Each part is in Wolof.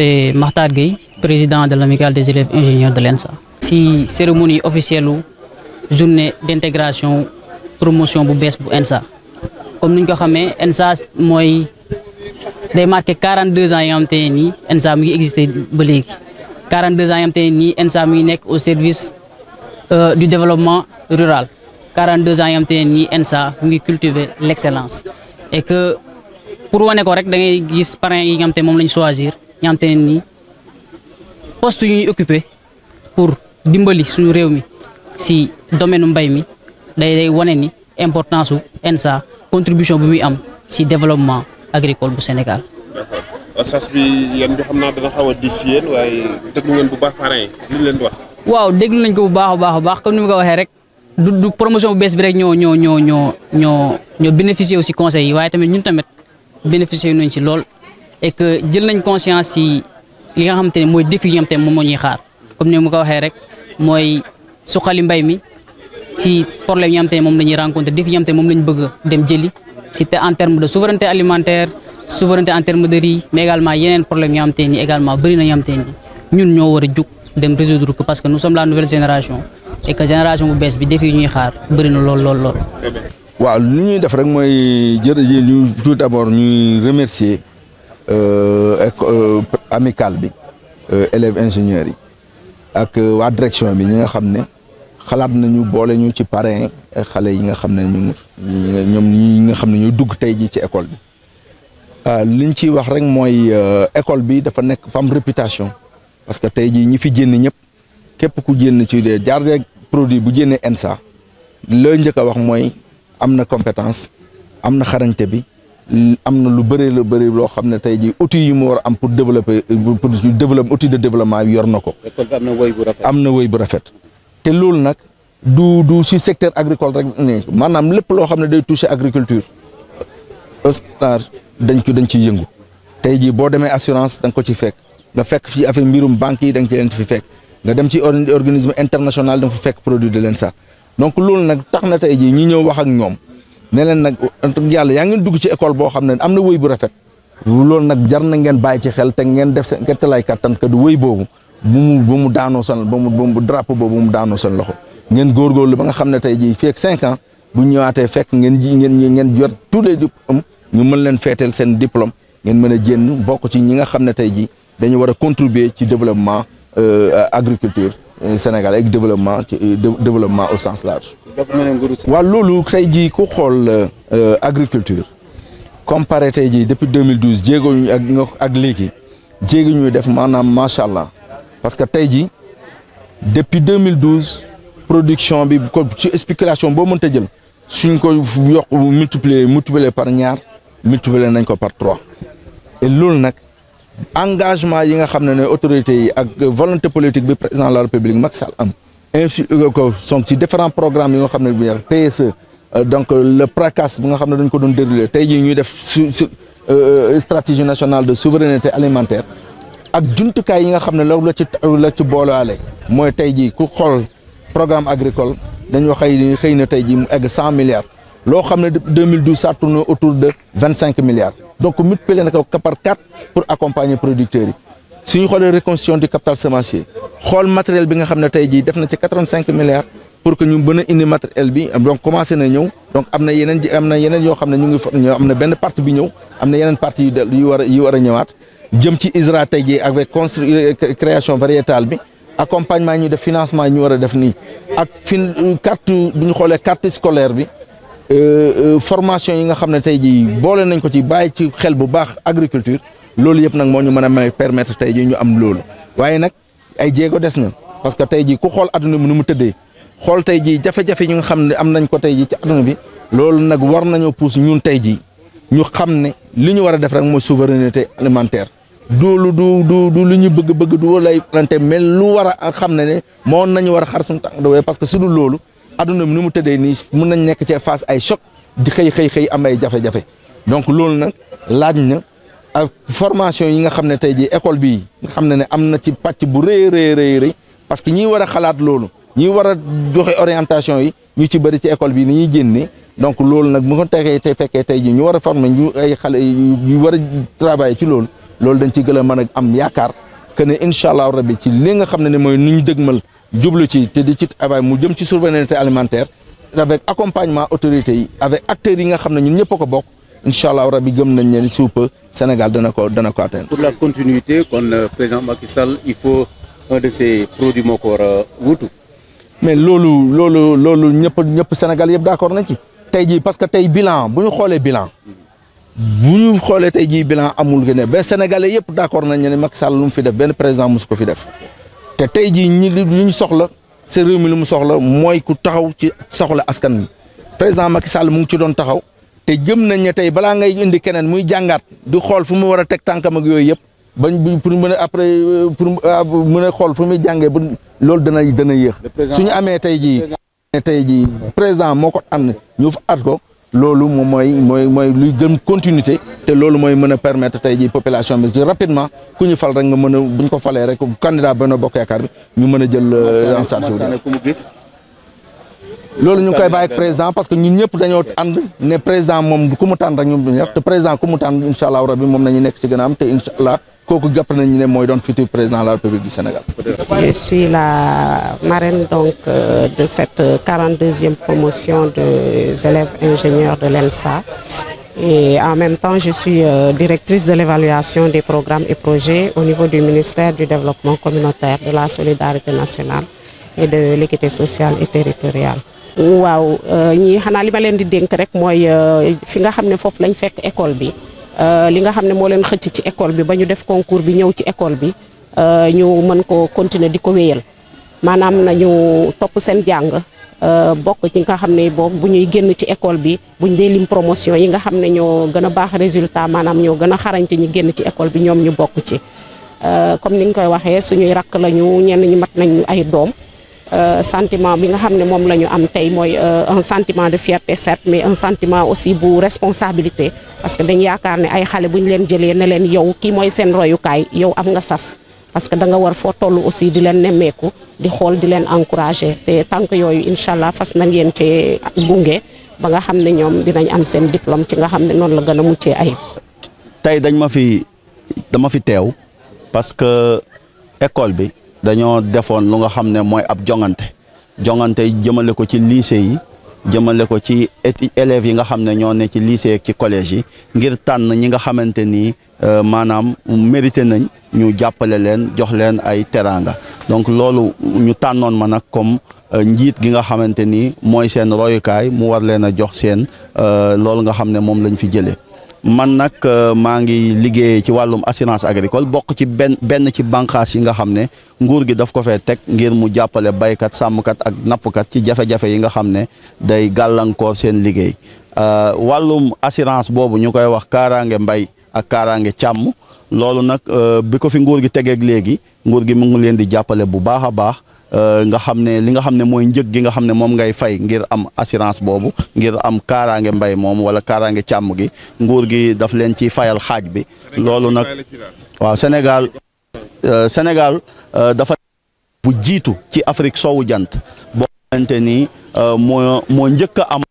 c'est Makhtar Gueye président de l'amicale des élèves ingénieurs de l'ENSA si cérémonie officielle journée d'intégration promotion bu bees bu ENSA comme ni ko xamee ENSA mooy day marqué 42 ans yoo xam te ne nii ENSA mu ngi existé ba léegi 42 ans yoo xam te nii ENSA mu ngi nekk au service euh, du développement rural 42 ans yoo xam te ENSA mu ngi cultiver l'excellence et que pour wane ko rek da gis parrain yi nga moom la ñu choisir. ñaamte ne nii poste yu ñuy occupé pour dimbali suñu réew mi si domaine mbay mi day day wane ni importance su ENSA contribution bu muy am si développement agricole bu Sénégal. d'accord sas bi yéen xaw a diis yéen waaye déglu waaw déglu nañ ko bu baax a baax a baax comme ni ma ko waxee rek du du promotion bu bees bi rek ñoo ñoo ñoo ñoo ñoo ñoo bénéficié wu si conseils yi waaye tamit ñun tamit bénéficié wu nañ si lool. et jël nañ conscience si nga xamante ne mooy défi yi nga moom moo ñuy xaar comme ni mu ko waxee rek mooy suqali mbay mi si problème yi moom la ñuy rencontré défi yi nga moom la ñu bëgg dem jëli si te en de souveraineté alimentaire souveraineté en terme de riz mais également yeneen problème yi nga xamante ne nii également bëri na ñu xamante ne ñun ñoo war a jug dem résoudre ko parce que nous sommes la nouvelle génération et génération bu bees bi défi yi ñuy xaar bëri na lool lool lool. waaw li ñuy def rek mooy jërëjëf ñu tout d'abord ñuy remercier. Euh, euh, amicale bi euh, élèves ingénieurs yi ak waa direction bi ñi nga xam ne xalaat nañu boole ñu ci parrain xale yi nga xam ne nga xam ne ñu dugg tey jii ci école bi liñ ciy wax rek mooy école bi dafa nekk fa am réputation parce que tey jii ñi fi génn ñëpp képp ku génn ci dee jaar produit bu génnee ENSA looy njëkk a wax mooy am na compétence am na xarañte bi am na lu bëri la bëri loo xam ne tey jii outils yi mu war a am pour développer pour développer outil de développement yor na ko. am na woy bu rafet. am na woy bu rafet te loolu nag du du si secteur agricole rek ne maanaam lépp loo xam ne day toucher agriculture. Ostar dañ ci dañ ciy yëngu tey jii boo demee assurance da ko ci fekk nga fekk fii affaire mbirum banque yi da nga ci leen fi fekk nga dem ci organisme international da nga fekk produit de leen sax donc loolu nag tax na tey jii ñi ñëw wax ak ñoom. ne leen nag yàlla yaa ngeen dugg ci école boo xam ne am na woy bu rafet loolu nag jar na ngeen bàyyi ci xel te ngeen def seen kettalaay kattan ka du boobu bu mu daanoo seen ba mu bu drapeau boobu bu mu daanoo seen loxo ngeen góorgóorlu ba nga xam ne tey jii fii ak bu ñëwaatee fekk ngeen ji ngeen ngeen jot tous les diplômes ñu mën leen feeteel seen diplôme ngeen mën a jénn bokk ci ñi nga xam ne tey jii dañu war a ci développement euh, agriculture euh, sénégalais ak développement ci euh, développement au sens waaw loolu tey jii ku xool euh, agriculture comparé tey jii depuis 2012 jéego ñu ak ak léegi jéego ñuy def maanaam macha allah parce que tey jii depuis 2012 production bi ko ci spéculation boo mënta jël suñ ko yokk multiplier multiplier par ñaar multiplier nañ ko par trois et loolu nag engagement yi nga xam ne ne autorités yi ak volonté politique bi président de la république Macky Sall am. insu euh, son ci différents programmes yi nga xam ne bu ñu PSE euh, donc euh, le PRACAS bi nga xam ne dañ ko doon déroulé tey jii ñuy def su su stratégie nationale de souveraineté alimentaire ak jumtukaay yi nga xam ne loolu la ci la ci boolaale mooy tey jii ku xool programme agricole dañoo xëy xëy na tey jii mu egg cent milliards loo xam ne 2012 ça tourne autour de vingt cinq milliards donc multiplier na ko par quatre pour accompagner producteurs yi. suñu xoolee reconstruction du capital semencier xool matériel bi nga xam ne tey jii def na ci quatre vingt cinq milliards pour que ñu mën a indi matériel bi donc commencé na ñëw donc am na yeneen ji am na yeneen yoo xam ne ñu ngi am na benn partie bi ñëw am na yeneen partie yu del yu war a yu war a ñëwaat jëm ci ISRA tey jii avec constru euh, création variétale accompagnement ñu def financement ñu war a def nii ak fin carte bu ñu xoolee carte scolaire bi euh, euh, formation yi nga xam ne tey jii boole nañ ko ci bàyyi ci xel bu baax agriculture loolu yëpp nag moo ñu mën a may permettre tey jii ñu am loolu waaye nag ay jéego des na parce que tey jii ku xool adduna bi nu mu tëddee xool tey jii jafe-jafe yi nga xam ne am nañ ko tey jii ci adduna bi loolu nag war nañoo pousse ñun tey jii ñu xam ne li ñu war a def rek mooy souveraineté alimentaire doolu du du du lu ñu bëgg-bëgg du wala ay lu war a xam ne ne moo nañu war a xar suñu tànk dowee parce que su loolu adduna bi nu mu tëddee nii mun nañ nekk ci face ay choc di xëy xëy xëy am ay jafe-jafe donc loolu nag laaj na ak formation yi nga xam ne tey jii école bii nga xam ne ne am na ci pàcc bu rëy rëy rëy rëy parce que ñi war a xalaat loolu ñi war a joxe orientation yi ñu ci bëri ci école bii ni ñuy génne donc loolu nag bu ko tegee tey fekkee tey jii ñu war a former ñu ay xale ñu war a travailler ci loolu loolu dañ ci gën a mën a am yaakaar que ne incha allah rabbi ci li nga xam ne ne mooy nu ñu dëgmal jublu ci te di ci travail mu jëm ci souveraineté alimentaire avec accompagnement autorité yi avec acteur yi nga xam ne ñun ñëpp ko bokk. incha allah rabi gëm nañ leen suuf Sénégal dana ko dana ko atteindre. la kontinuité kon euh, président Macky Sall il faut un de moo ko war wutu. mais loolu loolu loolu ñëpp ñëpp Sénégal yëpp d' nañ ci. tey jii parce que tey bilan bu ñu xoolee bilan. bu ñu xoolee tey jii bilan amul gën a ba Sénégalais yëpp d' accord nañ ne Macky Sall lu mu fi def benn président mosu ko fi def. te tey jii ñi ñu soxla sa réew mi mu soxla mooy ku taxaw ci soxla askan wi président Macky Sall mu ngi ci doon taxaw. te jëm nañ ne tey balaa ngay indi keneen muy jàngaat di xool fu mu war a teg tànkam ak yooyu yëpp bañ pour mën a après euh, pour mën a xool fu muy jàngee ba loolu dana dana yéex. ñu amee tey jii. tey jii président moo ko am ñu fa at ko loolu moom mooy mooy mooy luy gën continuité te loolu mooy mën a permettre tey jii population bi ci rapidement ku ñu fal rek nga mën a bu ñu ko falee rek candidat Benno Bokk Yaakaar bi ñu mën a jël. Euh, en charge loolu ñu koy bàyyi président parce que ñun ñëpp dañoo ànd ne président moom ku mu tànn rek ñun duñu te président ku mu tànn incha allah rabi moom nañu nekk ci gën a am te incha allah ne mooy doon futur président de la République du Sénégal. Je suis la marraine donc euh, de cette 42e promotion des élèves ingénieurs de l'ENSA. Et en même temps, je suis euh, directrice de l'évaluation des programmes et projets au niveau du ministère du Développement communautaire, de la solidarité nationale et de l'équité sociale et waaw euh, ñii xanaa li ma leen di dénk rek mooy euh, fi nga xam ne foofu lañ fekk école bi euh, li nga xam ne moo leen xëcc ci école bi ba ñu def concours bi ñëw ci école bi ñu mën ko continuer di ko wéyal maanaam nañu topp seen jàng bokk ci nga xam ne boo bu ñuy génn ci école bi buñ dee lim promotion yi nga xam ne ñoo gën a baax résultat maanaam ñoo gën a xarañ ci ñi génn ci école bi ñoom ñu bokk ci comme ni nga koy waxee suñuy rakk lañu ñenn ñi mat nañ ay doom Euh, sentiment bi nga xam ne moom la ñu am tey mooy euh, un sentiment de fierté certes mais un sentiment aussi bu responsabilité parce que dañ yaakaar ne ay xale bu ñu leen jëlee ne leen yow kii mooy seen royukaay yow am nga sas parce que da nga war foo toll aussi di leen nemmeeku di xool di leen encouragé te tànk yooyu incha allah fas na ngeen cee gunge ba nga xam ne ñoom dinañ am seen diplôme ci nga xam ne noonu la gën a muccee ayib. tey dañ ma fi dama fi teew parce que école bi. dañoo defoon lu nga xam ne mooy ab jongante jongante jëmale ko ci lycée yi jëmale ko ci élèves yi nga xam ne ñoo ne ci lycée ci collège yi ngir tànn ñi nga xamante ni euh, maanaam mérité nañ ñu jàppale leen jox leen ay teraanga donc loolu ñu tànnoon ma nag comme euh, njiit gi nga xamante ni mooy seen royukaay mu war leen a jox seen euh, loolu nga xam ne moom lañ fi jëlee. man nag euh, maa ngi liggéey ci wàllum assurance agricole bokk ci benn benn ci bànqaas yi nga xam ne nguur gi daf ko fee teg ngir mu jàppale baykat sàmmkat ak nappkat ci jafe-jafe yi nga xam ne day gàllankoor seen liggéey euh, wàllum assurance boobu ñu koy wax kaaraange mbay ak kaaraange càmm loolu nag euh, bi ko fi nguur gi tegeeg léegi nguur gi mu ngi leen di jàppale bu baax a baax Euh, nga xam ne li nga xam ne mooy njëg gi nga xam ne moom ngay fay ngir am assurance boobu ngir am kaaraange mbay moom wala kaaraange càmm gi nguur gi daf leen ci fayal xaaj bi loolu nag waaw Sénégal euh, euh, dafa bu jiitu ci Afrique soowu jant boo xamante ni moo njëkk a am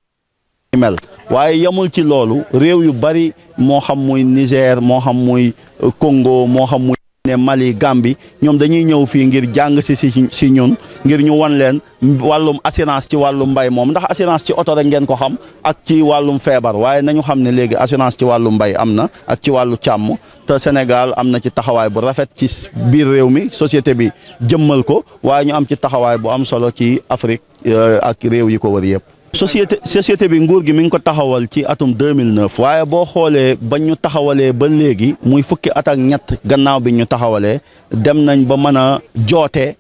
mel waaye yamul ci loolu réew yu bari moo xam muy Niger moo xam muy kongo moo xam muy ne Mali Gambie ñoom dañuy ñëw fii ngir jàng si si si ñun ngir ñu wan leen wàllum assurance ci wàllum mbay moom ndax assurance ci oto rek ngeen ko xam ak ci wàllum feebar waaye nañu xam ne léegi assurance ci wàllum mbay am na ak ci wàllu càmm te Sénégal am na ci taxawaay bu rafet ci biir réew mi société bi jëmmal ko waaye ñu am ci taxawaay bu am solo ci Afrique euh, ak réew yi ko wër yëpp. société société bi nguur gi mi ngi ko taxawal ci atum 2009 waaye boo xoolee ba ñu taxawalee ba léegi muy fukki at ñett gannaaw bi ñu taxawalee dem nañ ba mën a joote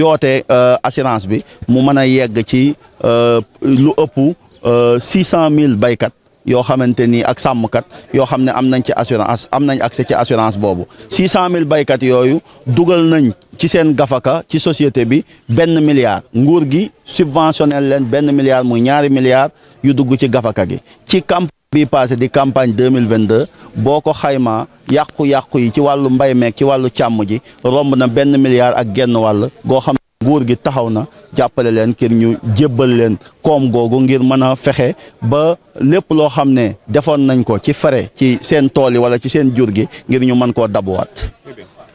yoote euh, assurance bi mu mën a yegg ci euh, lu ëpp euh, mille baykat yoo xamante ni ak sàmmkat yoo xam ne am nañ ci assurance am nañ accès ci assurance boobu six cent mille baykat yooyu dugal nañ ci seen gafaka ci société bi benn milliard nguur gi subventionné leen benn milliard muy ñaari milliard yu dugg ci gafaka gi ci campagne bi passé di campagne deux mille vingt deux boo ko xaymaa yàqu-yàqu yi ci wàllu mbay meeg ci wàllu càmm ji romb na benn milliard ak genn wàll goo xam nguur gi taxaw na jàppale leen ngir ñu jébbal leen koom googu ngir mën fexe ba lépp loo xam ne defoon nañ ko ci fare ci seen tool yi wala ci seen jur gi ngir ñu mën koo dabuwaat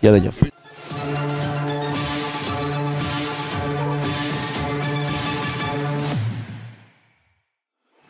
jërëjëf